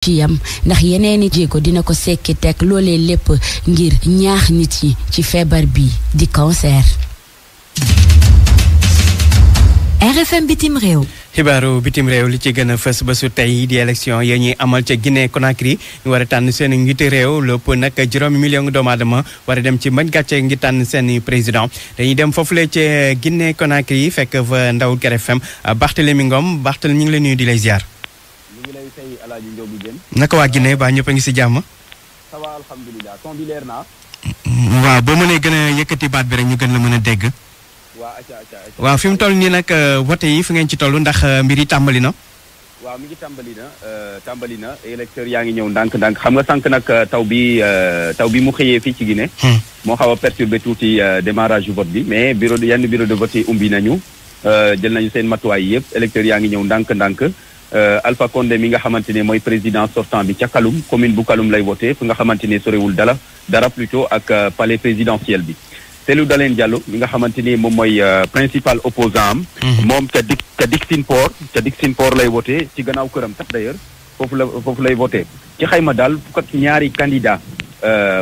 ci yam ndax yeneeni jéego dina ko sekki teg loole lépp ngir ñaax nit yi ci feebar bi di cancer. RFM bitim réew. xibaaru bitim réew li ci gën a fës ba su tey di élection ya amal ca Guinée Conakry ñu war tànn seen njiitu réew lépp nag juróomi million doomu aadama war a dem ci mbañ ngi tànn seen président dañuy dem foofule ca Guinée Conakry fekk fa ndaw RFM Barthélémy Ngom Barthélémy ñu ngi lay nuyu di lay ziar. Alaaji Njóogu Jën naka waa Guinée ba ñëpp a ngi si jàmm. ça bi leer naa. waaw boo mënee gën a yëkkati baat bi rek ñu gën la mën a dégg. waa acca waaw fi mu toll nii nag vote euh, yi fi ngeen ci toll ndax euh, mbir yi tàmbali na. waaw mi ngi tàmbali na euh, tàmbali na électeur yaa ngi ñëw ndànk-ndànk xam nga sànq nag taw bi taw bi mu xëyee fii ci Guinée. Hmm. moo xaw a perturbé tuuti démarrage vote bi mais bureau yenn bureau de vote yi umbi nañu jël nañu seen matuwaay yëpp électeur yaa ngi ñëw ndànk-ndànk Euh, Alpha Condé mi nga xamante ne mooy président sortant bi ca Kaloum commune bu Kaloum lay wote fu nga xamante ne sorewul dala dara plutôt ak euh, palais présidentiel bi Cellou Dalein Diallo mi nga xamante ni moom mooy euh, principal opposant am mhm. moom ca dik ca Dixine Port ca Dixine Port lay wote ci gannaaw këram sax d'ailleurs foofu la foofu lay voté ci xayma daal fukk ak ñaari candidat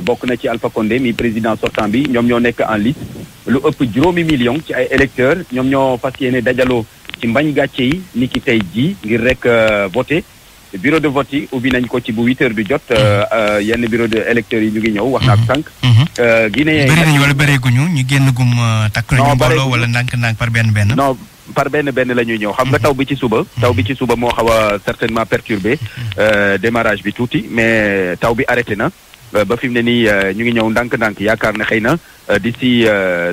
bokk na ci Alpha Condé mi président sortant bi ñoom ñoo nekk en liste lu ëpp juróomi million ci ay électeurs ñoom ñoo fas yéene dajaloo ci mbañ gàcce yi ni ki tey jii ngir rek euh, voté bureau de vote yi ubbi nañ ko ci bu huit heures bi jot euh, euh, yenn bureau de électeurs yi ñu ngi ñëw wax na ak sànq mhm. Guinée bëri nañu wala bëreeguñu ñu génn gum takk nañu mbooloo wala ndànk-ndànk par benn benn non par benn benn la ñuy ñëw xam nga mhm. taw bi ci suba mhm. taw bi ci suba moo xaw a certainement perturbé démarrage bi tuuti mais taw bi arrêté na Euh, ba fi mu ne nii euh, ñu ngi ñëw ndànk-ndànk yaakaar na xëy na di euh, d'ici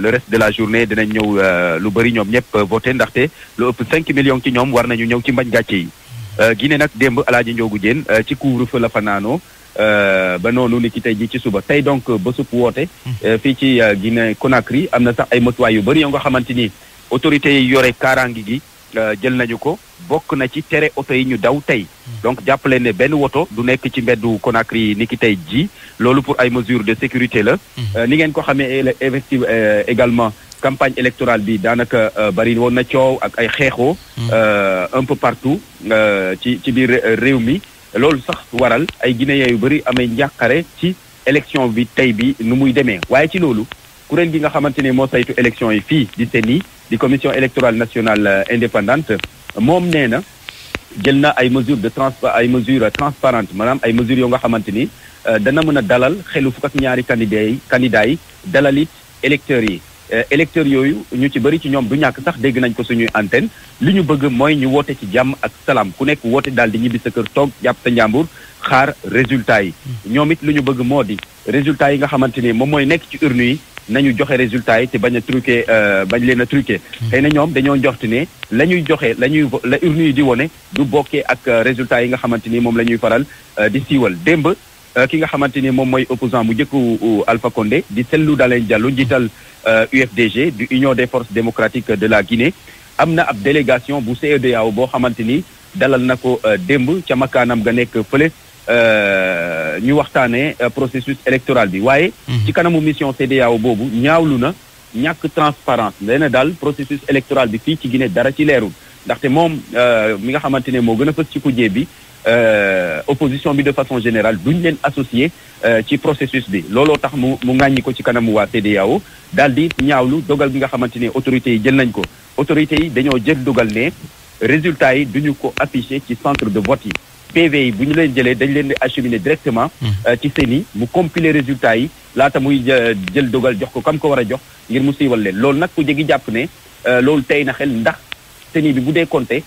le reste de la journée dinañ ñëw lu bëri ñoom ñëpp voté ndaxte lu ëpp 5 millions ci ñoom war nañu ñëw ci mbañ gàcce yi. Guinée nag démb alaaji njoogu jéen ci couvre-feu la fa ba noonu ni ki tey ji ci suba tey donc ba supp woote. fii ci Guinée Conakry am na sax ay matuwaay yu bëri yoo nga xamante ni autorités yi yore kaaraangi gi. Euh, jël nañu ko bokk na ci tere oto yi ñu daw tey donc jàppale ne benn woto du nekk ci mbeddu Conakry ni ki tey ji loolu pour ay mesures de sécurité la mhm. euh, ni ngeen ko xamee investi euh, également campagne électorale bi daanaka bari woon na coow ak ay xeexoo mhm. un peu partout ci ci biir réew mi loolu sax waral ay guinéens yu bëri amee njàqare ci élection bi tey bi nu muy demee waaye ci loolu kuréel gi nga xamante ne moo saytu élection yi fii di seen di commission électorale nationale euh, indépendante moom nee na jël na ay mesures de trans ay mesures transparentes maanaam ay mesures yoo nga xamante ni euh, dana mën a dalal xelu fukk ñaari candidat yi candidat yi dalal it électeurs yi euh, électeurs yooyu ñu ci bëri ci ñoom du ñàkk sax dégg nañ ko suñuy antenne li ñu bëgg mooy ñu woote ci jàmm ak salaam ku nekk woote daal di ñibbi sa kër toog jàpp sa njàmbur xaar résultat yi hmm. ñoom it lu ñu bëgg moo di résultat yi nga xamante ni moom mooy nekk ci urne yi nañu joxe résultat yi te bañ a truqué euh, bañ leen a truqué xëy na ñoom dañoo njort ne la ñuy joxe la ñuy la di wone du bokkee ak euh, résultat yi nga xamante ni moom la ñuy faral euh, di siiwal démb ki nga xamante ni moom mooy opposant bu njëkku Alpha Condé di Cellou Dalein Diallo njiital UFDG du Union des forces démocratiques de la Guinée am na ab délégation bu CEDEAO boo xamante ni dalal na ko démb ca makaanam ga nekk fële Euh, ñu waxtaanee euh, processus électoral bi waaye. Mhm. ci kanamu mission CEDEAO boobu ñaawlu na ñàkk transparence na daal processus électoral bi fii ci Guinée dara ci leerul ndaxte moom euh, mi nga xamante ne moo gën a fës ci kujje bi. opposition bi de façon générale duñ leen associé ci processus bi looloo tax mu mu ŋàññi ko ci kanamu waa CEDEAO daal di ñaawlu dogal bi nga xamante ne autorités yi jël nañ ko autorités yi dañoo jël dogal ne résultats yi duñu ko affiché ci centre de vote yi PV yi bu ñu leen jëlee dañ leen di acheminer directement. Hmm. Euh, ci CENI mu compiler résultats yi laata muy euh, jël dogal jox ko kam ko war a jox ngir mu siiwal leen loolu nag ku jegi jàpp ne euh, loolu tey na xel ndax CENI bi bu dee compté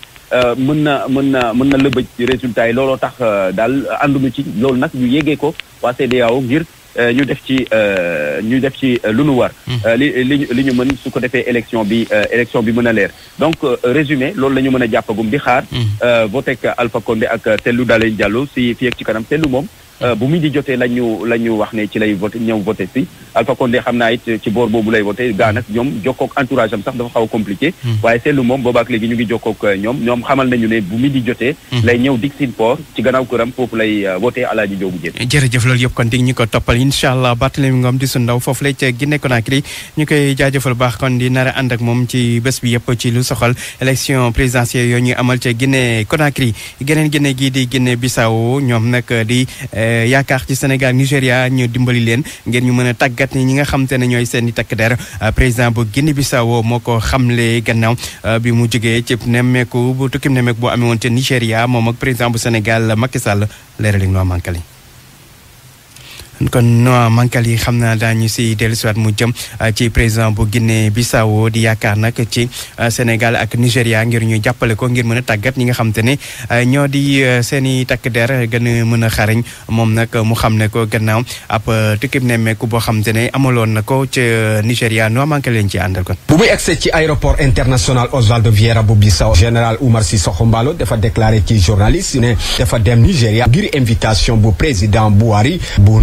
mën na mën na mën na lëbëj résultats yi looloo tax daal àndunu ci loolu nag ñu yégee ko waa CEDEAO ngir. Euh, ñu def ci euh, ñu def ci euh, lu nu war. Hmm. li li li ñu mën su ko defee élection bi élection bi mën a leer donc résumé loolu la ñu mën a jàppagum bi xaar. Hmm. voté ak Alpha Condé ak Cellou Dalein Diallo si fii ci kanam Cellou moom. Euh, bu midi jotee la ñu la ñu wax ne ci lay voté ñëw voté si Alpha Condé xam naa it ci boor boobu lay voté gaa nag ñoom jokkook entourage am sax dafa xaw a compliqué hmm. waaye seetlu moom boobaak léegi ñu ngi jokkook euh, ñoom ñoom xamal nañu ne bu midi jotee hmm. lay ñëw Dixine Port ci gannaaw këram foofu lay euh, voté Alaaji Joobu Jéen jërëjëf loolu yëpp kon di ñu ko toppal incha allah Barthélémy Ngom di su ndaw foofu lay ca Guinée Conakry ñu koy jaajëfal baax kon di a ànd ak moom ci bés bi yëpp ci lu soxal élection présidentielle yooyu ñuy amal ca Guinée Conakry Eh, yaakaar ci Sénégal Nigéria ñu dimbali leen ngeen ñu mën a tàggat ñi nga xam te ne ñooy seen i takk der eh, président bu Guinée Bissau moo ko xamle gannaaw eh, bi mu jógee ci nemmeeku bu tukkim nemmeeku boo amee woon te Nigéria moom ak président bu Sénégal Macky Sall leerali noo mànkali kon no Mankali xam naa ñu si dellusiwaat mu jëm euh, ci président bu Guinée Bissau di yaakaar nag ci euh, Sénégal ak Nigéria ngir ñu jàppale ko ngir mën a tàggat ñi nga xam te ne euh, ñoo di seen i takk der gën a mën a xariñ moom nag mu xam ne ko gannaaw ab tukkib nemmeeku boo xam ne amaloon na ko ci Nigéria no Mankali leen ci àndal kon. bu muy egsi ci aéroport international Oswaldo Vieira bu Bissau général Oumar Sissoko Embaló dafa déclaré ci journaliste ne dafa invitation bu président bu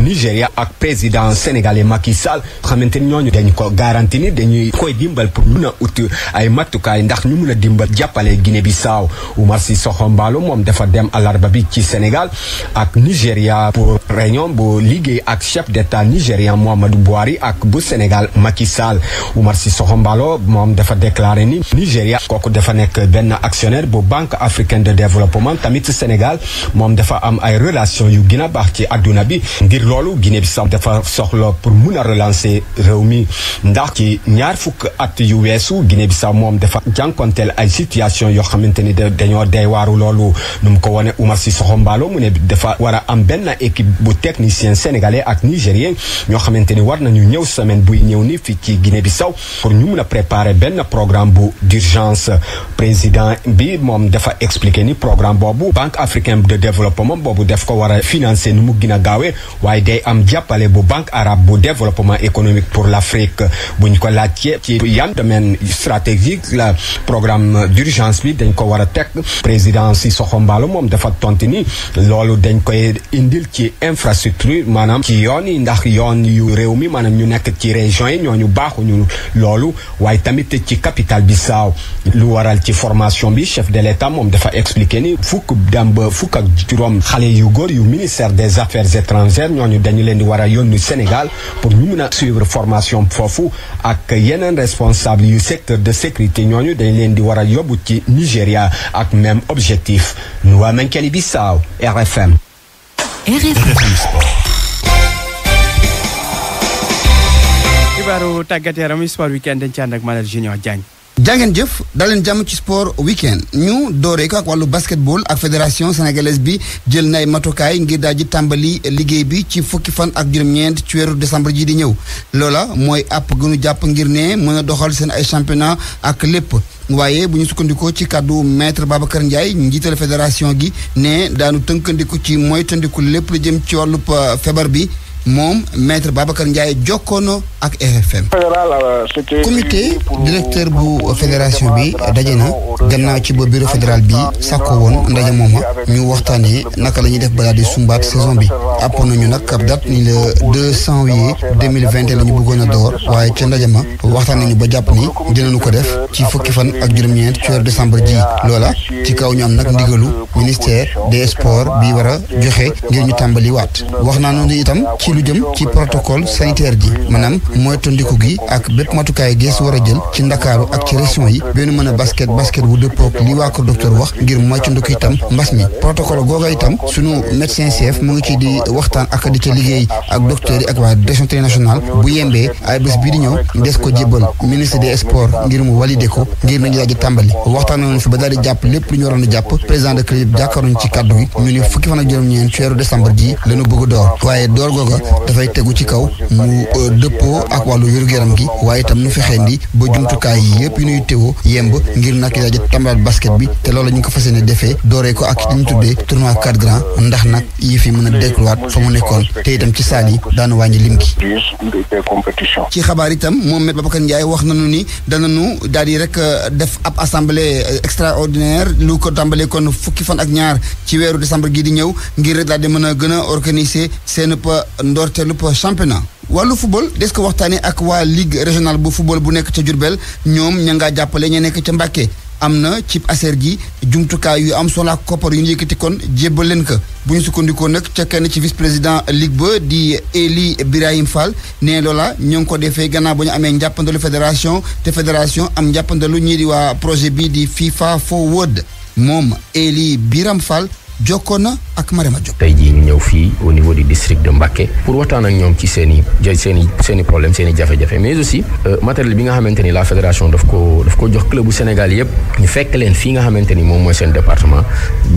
Nigéria. Nigéria ak président sénégalais Macky Sall xamante ni ñooñu dañ ko garanti ni dañuy koy dimbal pour mun a ut ay matukaay ndax ñu mun a dimbal jàppale Guinée Bissau Oumar Sissoko Embaló moom dafa dem àllarba bi ci Sénégal ak Nigéria pour bu liggéey ak chef d'état nigérien Muhammadu Buhari ak bu Sénégal Macky Sall Oumar Sissoko Embaló moom dafa déclaré ni Nigéria kooku dafa nekk benn actionnaire bu Banque africaine de développement tamit Sénégal moom dafa am ay relation yu gën a baax ci adduna bi ngir loolu réew Guinée bi saw dafa soxla pour mun a relancer réew mi ndax ci ñaar fukk at yu weesu Guinée bi sax moom dafa jànkonteel ay situation yoo xamante ni dañoo day waaru loolu nu ko wane Oumar Sissoko Mballo mu ne dafa war am benn équipe bu technicien sénégalais ak nigérien ñoo xamante ni war nañu ñëw semaine buy ñëw ni fii ci Guinée bi saw pour ñu mun a préparer benn programme bu d'urgence président bi moom dafa expliquer ni programme boobu Banque africaine de développement boobu def ko war a financer nu mu gën a gaawee am jàppale bu banque arabe bu développement économique pour l'Afrique bu ñu ko laajte ci yan domaine stratégique la programme d'urgence bi dañ ko war a teg président Sissoko Embaló moom dafa tontu ni loolu dañ koy indil ci infrastructure maanaam ci yoon yi ndax yoon yu réew mi maanaam ñu nekk ci région yi ñoo ñu baaxuñu loolu waaye tamit ci capital Bissau lu waral ci formation bi chef de l'État moom dafa expliqué ni fukk dem ba fukk ak juróom xale yu góor yu ministère des affaires étrangères ñooñu dañ ñu leen di war a yónni Sénégal pour ñu mun a suivre formation foofu ak yeneen responsable yu secteur de sécurité ñooñu dañ leen di war a yóbbu ci Nigéria ak même objectif ñu waa Mankeli Bissau RFM. RFM Sport. xibaaru tàggat yaram sport weekend dañ ci ànd ak Malal jangeen jëf daleen jàmm ci sport weekend ñu dooree ko ak wàllu basketball ak fédération sénégalaise bi jël nay matukaay ngir daal di tàmbali liggéey bi ci fukki fan ak juróom-ñeent ci weeru décembre ji di ñëw loola mooy àpp gënu jàpp ngir ne mën a doxal seen ay championnat ak lépp waaye bu ñu sukkandikoo ci kàddu maître Babacar Ndiaye njiital fédération gi ne daanu tënkandiku ci moytandiku lépp lu jëm ci wàllu euh, feebar bi moom maître Babacar Ndiaye jokkoon ak RFM. Euh, comité directeur bu fédération bi daje na gannaaw ci ba bureau fédéral bi sàkko woon ndaje mooma ñu waxtaanee naka la ñuy def balaa di sumbaat saison bi àppoon nañu nag ab date ni le deux janvier mille vingt et un la ñu bëggoon a door waaye ca ndaje ma waxtaan nañu ba jàpp ni dinañu ko def ci fukki fan ak juróom-ñeent ci weeru décembre ji loola ci kaw ñu am nag ndigalu ministère des sports bi war a joxe ngir ñu tàmbali waat wax naa noonu itam lu jëm ci protocole sanitaire ji maanaam moytandiku gi ak bépp matukaay gees war a jël ci ndakaaru ak ci région yi benn mën a basket basket bu dëppook li waa ko wax ngir moytandiku itam mbas mi protocole googa itam sunu médecin chef mu ngi ci di waxtaan ak di ca liggéey ak docteur yi ak waa santé nationale bu yembee ay bés bii di ñëw des ko jébbal ministre des sports ngir mu validé ko ngir nañu daal di tàmbali waxtaanoon fi ba daal di a dafay tegu ci kaw mu euh, dëppoo ak wàllu wér-gu-yaram gi waaye itam nu fexee ba jumtukaay yi yëpp yu nuy teewoo yemb ngir nag yaa jot tambalaat basket bi te loolu ñu ngi ko fas yéene defee dooree ko ak li ñu tuddee tournoi quatre grands ndax nag yi fi mën a delluwaat fa mu nekkoon te itam ci saal yi daanu wàññi lim gi. ci xabaar itam moom Me Babacar Ndiaye wax nañu ni danañu daal di rek euh, def ab assemblée euh, extraordinaire lu ko tàmbalee fukki fan ak ñaar ci weeru décembre gii di ñëw ngir rek mën a gën a organiser seen ndorteelub championnat wàllu football des ko waxtaanee ak waa ligue régionale bu football bu nekk ca Diourbel ñoom ña ngaa jàppale ña nekk ca Mbàkke am na ci aser gi jumtukaay yu am solo ak koppar yu ñu yëkkati kon jébbal leen ko bu ñu sukkandikoo nag ca kenn ci vice président ligue ba di Eli Birahim Fall nee loola ñoo ngi ko defee gannaaw ba ñu amee njàppandalu fédération te fédération am njàppandalu ñii di waa projet bi di FIFA Forward moom Eli Biram Fall jokkoo na ak ma Diop. tey jii ñëw fii au niveau du district de Mbacké pour waxtaan ak ñoom ci seen seeni seen i seen i problème seen i jafe-jafe mais aussi euh, matériel bi nga xamante ni la fédération daf ko daf ko bu clubu Sénégal yëpp ñu fekk leen fii nga xamante ni moom mooy seen département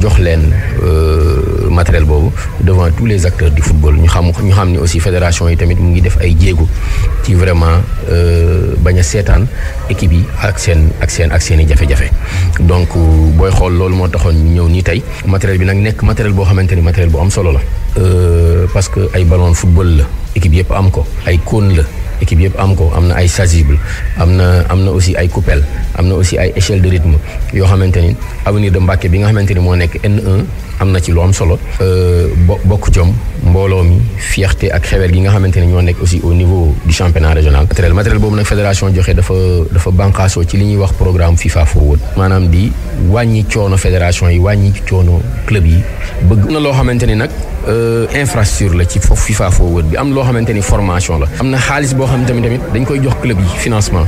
jox leen euh, matériel boobu devant tous les acteurs du football ñu xam ñu xam ni aussi fédération yi tamit mu ngi def ay jéego ci vraiment euh, bañ a seetaan équipe yi ak seen ak seen ak seen i jafe-jafe donc xool loolu moo taxoon ñëw nii tey nag nekk matériel boo xamante ni matériel bu am solo la. Euh, parce que ay ballon football la équipe yëpp am ko ay cône la équipe yëpp am ko am na ay chasuble am na am na aussi ay coupelle am na aussi ay échelle de rythme yoo xamante ni avenir de Mbacké bi nga xamante ni moo nekk N1 am na ci lu am solo. Euh, bo bokk jom mbooloo mi fierté ak xewel gi nga xamante ni ñoo nekk aussi au niveau du championnat régional. matériel matériel boobu nag fédération joxe dafa dafa bànqaasoo ci li ñuy wax programme FIFA Forward. maanaam di wàññi coono fédération yi wàññi coono club yi bëgg na loo xamante ni nag. Euh, infrastructure la ci foofu FIFA Forward bi am loo xamante ni formation la. am na xaalis boo xam tamit tamit dañ koy jox club yi financement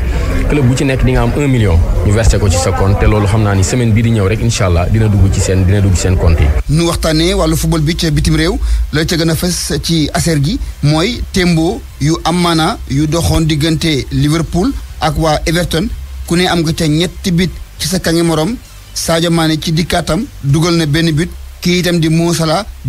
bu ci nekk di nga am un million. ñu versé ko ci sa compte te loolu xam naa ni semaine bi di ñëw rek incha allah dina dugg ci seen dina dugg seen compte yi. ñu waxtaanee wàllu football bi ca bitim réew la ca gën a fës ci aser gi mooy témboo yu am maanaa yu doxoon diggante Liverpool ak waa Everton ku ne am nga ca ñetti bit ci sa kangi morom Sadio Mané ci dikkaatam dugal na benn bit kii itam di Mo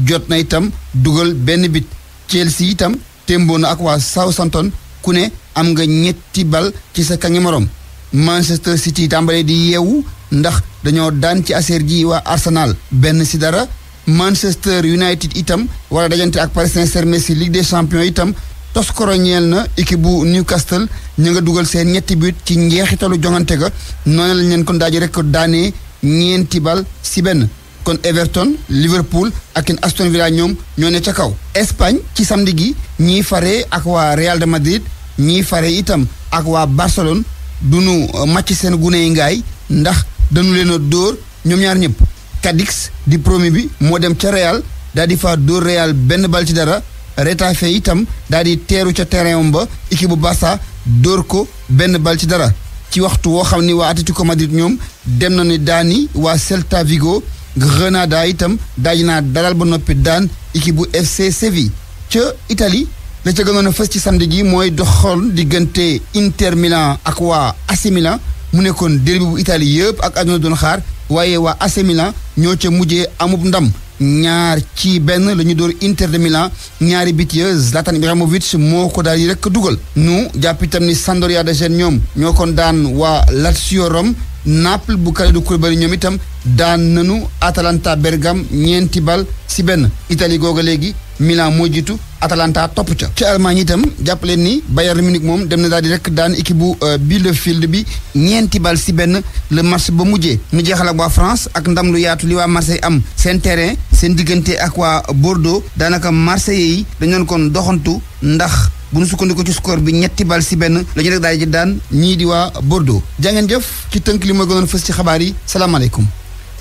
jot na itam dugal benn bit Chelsea itam témboo na ak waa Southampton ku ne am nga ñetti bal ci sa kangi morom. Manchester City tàmbale di yeewu ndax dañoo daan ci aseer ji waa Arsenal benn si dara Manchester United itam wala dajante ak Paris Saint-Germain si Ligue des Champions itam toskoro ñeel na équipe bu Newcastle ñu nga dugal seen ñetti but ci njeexitalu jongante ga noonu lañ leen kon daaji rek daanee ñeenti bal si benn kon Everton Liverpool ak in Aston Villa ñoom ñoo ne ca kaw Espagne ci samedi gi ñiy fare ak waa Real de Madrid ñiy fare itam ak waa Barcelone du nu euh, màcc seen gune yi ngaay ndax dañu leen a dóor ñoom ñaar ñëpp Cadix di promu bi moo dem ca Real daal di faa dóor Real benn bal ci dara Retafe itam daal di teeru ca terrain ba équipe bu Barça dóor ko benn bal ci dara ci waxtu woo xam ni waa Atlético Madrid ñoom dem na ni daani waa Celta Vigo Grenada itam daaj naa dalal ba noppi daan équipe bu FC Séville ca itali la ca gënoon a fës ci samedi gi mooy doxoon diggante Inter Milan ak waa AC Milan mu nekkoon derby bu Italie yëpp ak àdduna doon xaar waaye waa AC Milan ñoo ca mujjee amub ndam ñaar ci benn la ñu dóor Inter de Milan ñaari bit ya Zlatan Ibrahimovic moo ko daal yi rek dugal nu jàpp itam ni Sampdoria de Gênes ñoom ñoo kon daan waa Lazio Rome Naples bu Kalidou Koulibaly ñoom itam daan nanu Atalanta Bergame ñeenti bal si benn Italie googa léegi Milan moo jiitu Atalanta topp ca ci Allemagne itam jàpp leen ni Bayern Munich moom dem na daal di rekk daan équipe bu euh, Bielefeld bi ñeenti bal si benn la match ba mujjee ñu jeexal ak waa France ak ndam lu yaatu li waa Marseille am seen terrain seen diggante ak waa Bordeaux daanaka Marseille yi dañoon kon doxantu ndax bu nu sukkandiku ci score bi ñetti bal si benn la ñu rek daal di daan ñii di waa Bordeaux jàngeen jëf ci tënk li ma gënoon fës ci xabaar yi salaamaaleykum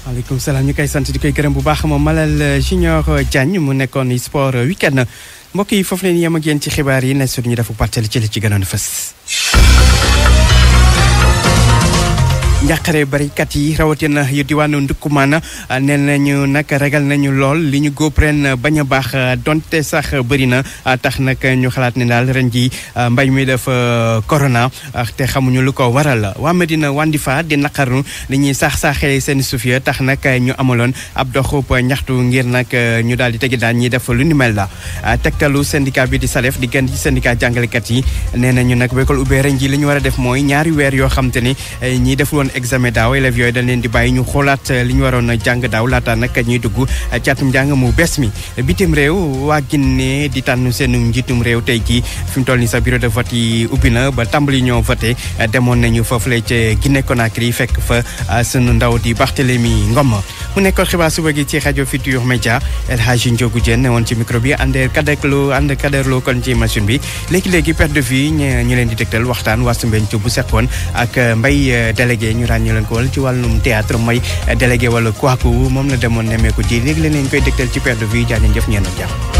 maaleykum salaam ñu koy sant di koy gërëm bu baax moom Malal euh, Junior euh, Diagne mu nekkoon sport euh, week-end mbokk yi foofu leen yem ak yéen ci xibaar yi ne suñu ñu dafa partel ci li ci gënoon fës. njàqare barikat yi rawatina yu diwaanu ndukkumaan nee ñu nag ragal nañu lool li ñu góob ren bañ a baax donte sax bëri na tax nag ñu xalaat ne daal ren ji mbay mi dafa euh, corona te xamuñu lu ko waral waa Medina fa di naqarnu li ñuy sax saaxee seen suuf ya tax nag ñu amaloon ab doxub ñaxtu ngir nag euh, ñu daal di tegi daan ñi def lu ni mel la tegtalu syndicat bi di SALEF di gën ci syndicat jàngalekat yi nee ñu war a def mooy ñaari yoo xam examen daaw élèves yooyu dañ leen di bàyyi ñu xoolaat eh, li ñu waroon jàng daaw laata nag ñuy dugg eh, ci atum mu bees mi eh, bitim réew waa Guinée di tànn seen njiitum réew tey jii fi mu toll ni sa bureau de vote yi ubbi na ba tàmbali ñoo voté demoon nañu foofule ca Guinée Conakry fekk fa sunu ndaw di Barthélémy Ngom mu nekkoon xibaar suba gi ci rajo Futurs Médias El Hadji Ndiogou Diène newoon ci micro bi ànd kaderloo ànd kaderloo kon ci machine bi léegi-léegi perte de vue ñu leen di dégtal bu sekkoon ak mbay délégué ñu ràññu leen ko wala ci wàllum théâtre mooy délégué wala kooku moom la demoon nemmeeku ji léegi leen nañ koy dégtal ci perte de vue jaajëf ñeen ak